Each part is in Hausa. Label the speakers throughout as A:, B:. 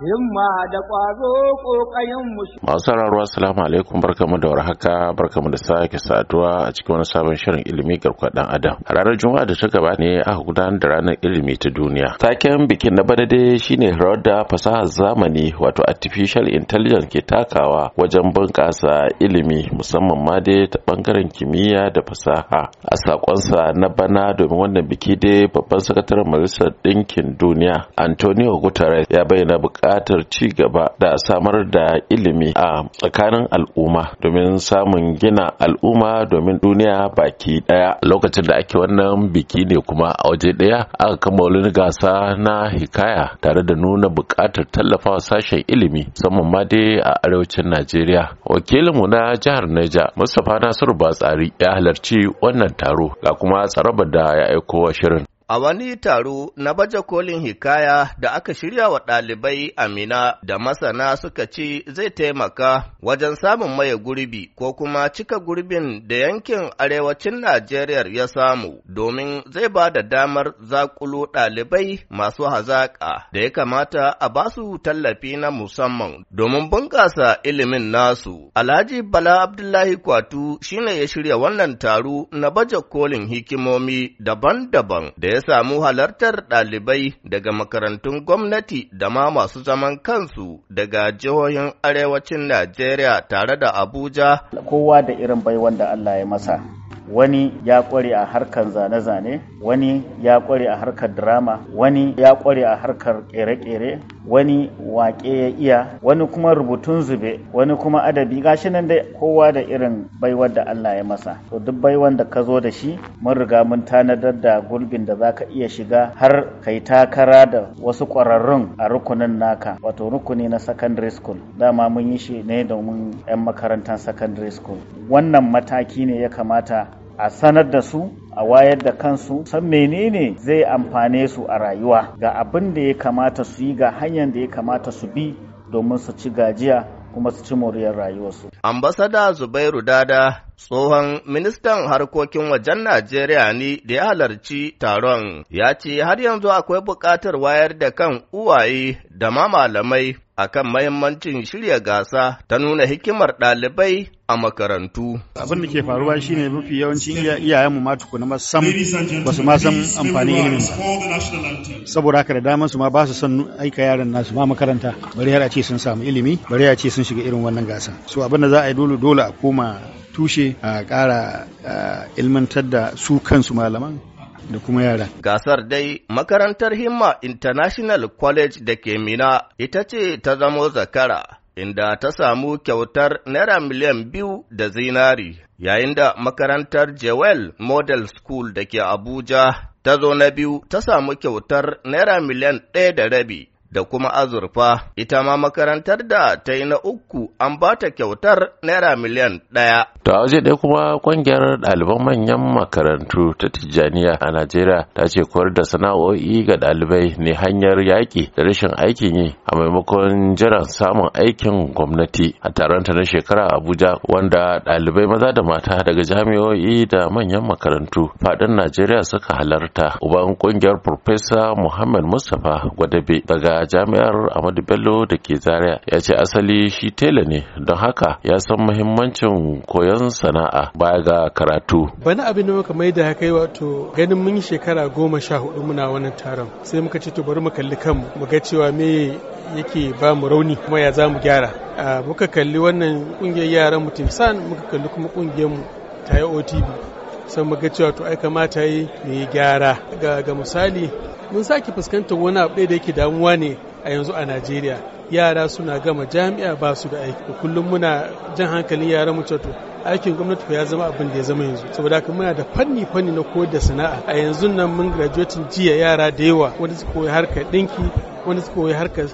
A: himma da
B: ƙwazo ƙayan musu.
C: Masu sauraro assalamu alaikum barkamu da warhaka barkamu da sake saduwa a cikin wani sabon shirin ilimi garkuwa dan adam. A ranar Juma'a da ta gaba ne a gudanar da ranar ilimi ta duniya. Taken bikin na bada dai shine rawar da fasahar zamani wato artificial intelligence ke takawa wajen bunƙasa ilimi musamman ma dai ta bangaren kimiyya da fasaha. A saƙonsa na bana domin wannan biki dai babban sakataren majalisar ɗinkin duniya Antonio Guterres ya bayyana buƙatar bukatar ci gaba da samar da ilimi a tsakanin al'umma domin samun gina al'umma domin duniya baki ɗaya lokacin da ake wannan biki ne kuma a waje ɗaya aka kammala wani gasa na hikaya tare da nuna buƙatar tallafawa sashen ilimi musamman ma dai a arewacin najeriya wakilinmu na jihar Neja mustapha nasiru batsari ya halarci wannan taro ga kuma tsaraba da ya aiko wa shirin
A: A wani taro na baje kolin hikaya da aka shirya wa ɗalibai Amina da masana suka ce zai taimaka wajen samun maye gurbi ko kuma cika gurbin da yankin arewacin Najeriya ya samu domin zai ba da damar zakulo ɗalibai masu hazaƙa da ya kamata a basu tallafi na musamman domin bunƙasa ilimin nasu. Alhaji Bala Abdullahi Kwatu shine ya shirya wannan taro na baje kolin hikimomi daban-daban da ya samu halartar ɗalibai daga makarantun gwamnati da ma masu zaman kansu daga jihohin arewacin Najeriya tare da Abuja. Kowa da irin bai wanda Allah ya masa. Wani ya ƙware a harkar zane-zane, wani ya ƙware a harkar drama, wani ya ƙware a harkar ƙere-ƙere, wani waƙe ya iya wani kuma rubutun zube wani kuma adabi gashi nan dai kowa da irin baiwar da Allah ya masa to duk baiwan da ka zo da shi mun riga mun tanadar da gulbin da zaka iya shiga har kai takara da wasu ƙwararrun a rukunin naka wato rukuni na secondary school dama mun yi shi ne domin 'yan makarantar secondary school wannan mataki ne ya kamata a sanar da su a wayar da kansu san menene zai amfane su a rayuwa ga abin da ya kamata su yi ga hanyar da ya kamata su bi domin su ci gajiya kuma su ci moriyar rayuwarsu. Ambasada Zubairu Dada Tsohon ministan harkokin wajen Najeriya ne da ya halarci taron ya ce har yanzu akwai buƙatar wayar da kan uwaye da ma malamai akan mahimmancin shirya gasa ta nuna hikimar ɗalibai a makarantu. Abin da ke
D: faruwa shine mafi yawancin iyayenmu ma tukuna ma sam ba su ma san amfanin ilimin
B: ba.
D: Saboda haka da daman su ma ba su san aika yaran nasu ma makaranta. Bari har a ce sun samu ilimi, bari a ce sun shiga irin wannan gasa. So abin da za a yi dole dole a koma tushe a ƙara ilmantar da su kansu malaman da kuma yara.
A: Gasar dai makarantar Himma International College da ke Mina ita ce ta zamo zakara. Inda ta samu kyautar Naira miliyan biyu da zinari, yayin da makarantar Jewel Model School da ke Abuja ta zo na biyu ta samu kyautar Naira miliyan ɗaya da rabi. da kuma azurfa, ita ma makarantar da ta yi na uku an ba ta kyautar naira miliyan ɗaya.
C: Ta waje ɗaya kuma ƙungiyar ɗaliban manyan makarantu ta Tijjaniya a Najeriya ta ce koyar da sana'o'i ga ɗalibai ne hanyar yaƙi da rashin aikin yi a maimakon jiran samun aikin gwamnati a taron ta na shekara Abuja wanda ɗalibai maza da mata daga jami'o'i da manyan makarantu faɗin Najeriya suka halarta. Uban ƙungiyar Farfesa Muhammad Mustapha Gwadabe daga jami'ar Ahmadu Bello da ke Zaria ya ce asali shi tela ne don haka ya san muhimmancin koyon sana'a baya ga karatu.
D: Bana abin da muka maida da kai wato ganin mun shekara goma sha hudu muna wannan taron sai muka ce to bari mu kalli kanmu mu ga cewa me yake ba mu rauni kuma ya za mu gyara. Muka kalli wannan kungiyar yaran mu Timsan muka kalli kuma kungiyar mu ta OTB sai muga cewa to ai kamata yi mu yi gyara ga ga misali mun sake fuskantar wani abu da yake damuwa ne a yanzu a Najeriya yara suna gama jami'a ba su da aiki kullum muna jan hankalin yaran mu to aikin gwamnati ya zama abin da ya zama yanzu saboda haka muna da fanni fanni na koyar da sana'a a yanzu nan mun graduating jiya yara da yawa wanda suka koyi harkar dinki wani suka koyi harkar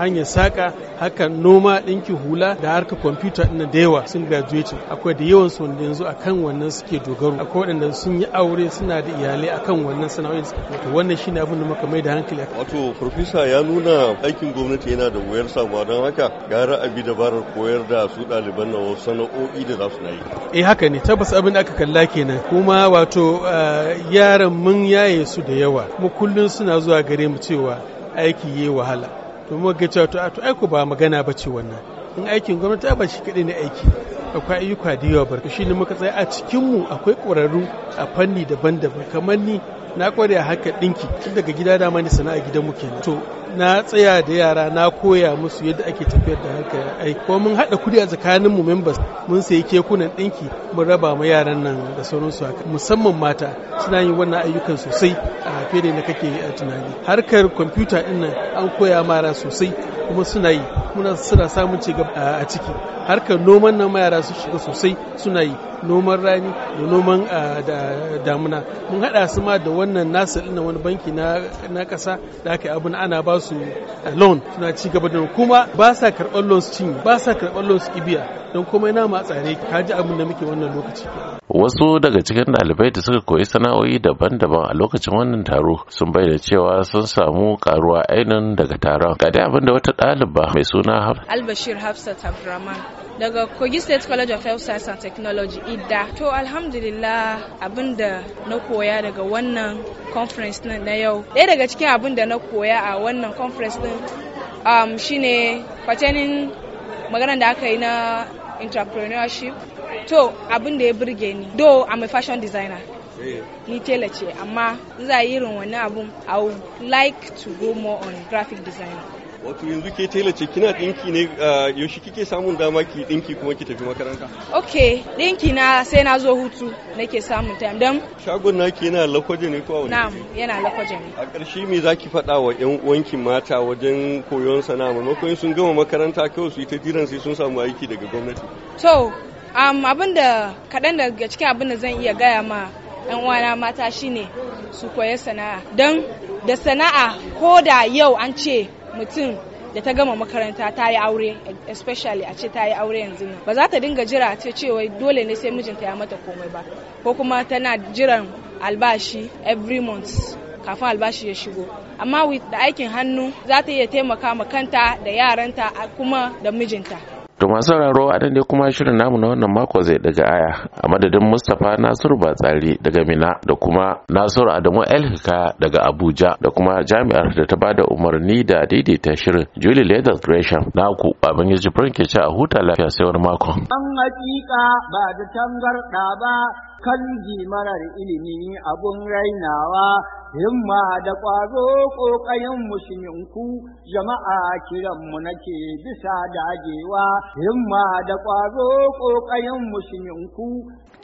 D: hanyar saka harkar noma ɗinki hula da harkar kwamfuta na da yawa sun graduate akwai da yawan su wanda yanzu akan wannan suke dogaro akwai waɗanda sun yi aure suna da iyalai akan wannan sana'o'in suka koyi wannan shine abin da muka mai da hankali wato profesa ya nuna aikin gwamnati yana da wayar sabuwa don haka gara abi dabarar koyar da su ɗaliban na wasu sana'o'i da za su na yi eh haka ne tabbas abin da aka kalla kenan kuma wato eh, yaran mun yaye su da yawa kuma kullum suna zuwa gare mu cewa aiki yi wahala to mu ga cewa to aiko ba magana ba ce wannan in aikin gwamnati ba shi kaɗai ne aiki akwai ayyuka da yawa barka shi ne muka tsaya a cikin mu akwai ƙwararru a fanni daban-daban kamar ni na kware a haka dinki tun daga gida dama ne sana'a gidan mu kenan to na tsaya da yara na koya musu yadda ake tafiyar da harka ai ko mun hada kudi a tsakanin mu members mun sayi kekunan dinki mun raba ma yaran nan da sauransu haka musamman mata suna yin wannan ayyukan sosai a fere na kake a tunani harkar kwamfuta din nan an koya mara sosai kuma suna yi muna suna samun ci gaba a ciki harkar noman nan yara su shiga sosai suna yi noman rani da noman ah, damuna mun haɗa su ma da wannan nasa na wani banki na ƙasa da aka abin ana ba su ah, loan suna ci gaba da kuma ba sa karɓar loan su ba sa karɓar loan su ibiya don komai na ma tsare ka ji abin da muke wannan lokaci
C: wasu daga cikin ɗalibai da suka koyi sana'o'i daban-daban a lokacin wannan taro sun bayyana cewa sun samu karuwa ainihin daga taron ga dai abinda wata ɗaliba mai suna
B: albashir hafsat abdurrahman daga kogi state college of health science and technology idda to alhamdulillah abinda na koya daga wannan conference na yau ɗaya daga cikin abinda na koya a wannan conference din um, shine pertaining magana da aka yi na entrepreneurship to abin da ya burge ni do i'm a fashion designer eh. ni tela ce amma za a yi irin wani abun i would like to go more on graphic design
D: wato yanzu ke tela ce kina dinki ne ah, yaushe kike samun dama ki dinki kuma ki tafi makaranta
B: ok dinki na sai na zo hutu nake samun time dan
D: shagon naki yana lakwaje ne ko wani na'am
B: yana lakwaje ne a
D: ƙarshe me zaki faɗa wa ƴan uwanki mata wajen koyon sana'a maimakon sun gama makaranta kawai su yi ta jiran sai sun samu aiki daga gwamnati
B: to um, abin da kaɗan daga cikin abin da zan iya gaya ma 'yan uwana mata shine su koya sana'a don da sana'a ko da yau an ce mutum da ta gama makaranta ta yi aure especially a ce ta yi aure yanzu nan ba za ta dinga jira ta ce wai dole ne sai mijinta ya mata komai ba ko kuma tana jiran albashi every month kafin albashi ya shigo amma da aikin hannu za ta iya taimaka ma kanta da yaranta kuma da mijinta
C: To masu sauraro a dai kuma shirin namu na wannan mako zai daga aya a madadin Mustapha Nasiru Batsari daga Mina da kuma Nasiru Adamu Elhika daga Abuja da kuma jami'ar da ta bada umarni da daidaita shirin Julie Leather Gresham na ku abin yaji ke ci a huta lafiya sai wani mako.
B: An hakika ba da tangarda
A: ba kan marar ilimi abun rainawa himma da ƙwazo ƙoƙarin musulminku jama'a kiranmu nake bisa dagewa himma da ƙwazo ƙoƙarin musulminku